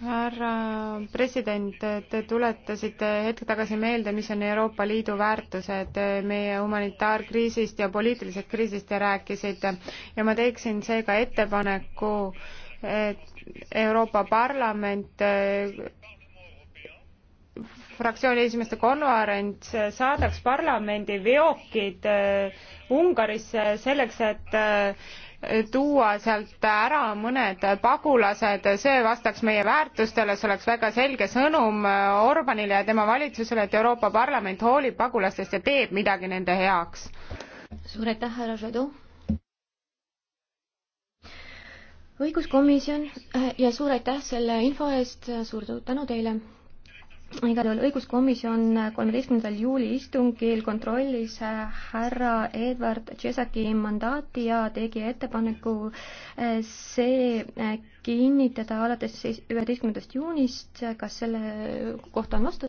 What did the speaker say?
härra president, te tuletasite hetk tagasi meelde, mis on Euroopa Liidu väärtused meie humanitaarkriisist ja poliitilisest kriisist te rääkisite ja ma teeksin seega ettepaneku, et Euroopa Parlament fraktsiooni esimeeste konverents saadaks parlamendi veokid äh, Ungarisse selleks, et äh, tuua sealt ära mõned pagulased, see vastaks meie väärtustele, see oleks väga selge sõnum äh, Orbanile ja tema valitsusele, et Euroopa Parlament hoolib pagulastest ja teeb midagi nende heaks. suur aitäh, härra Žadu! õiguskomisjon ja suur aitäh selle info eest, suur tänu teile! igal juhul õiguskomisjon kolmeteistkümnendal juuli istungil kontrollis äh, härra Edward Tšesaki mandaati ja tegi ettepaneku äh, see äh, kinnitada alates üheteistkümnendast juunist. kas selle kohta on vastu?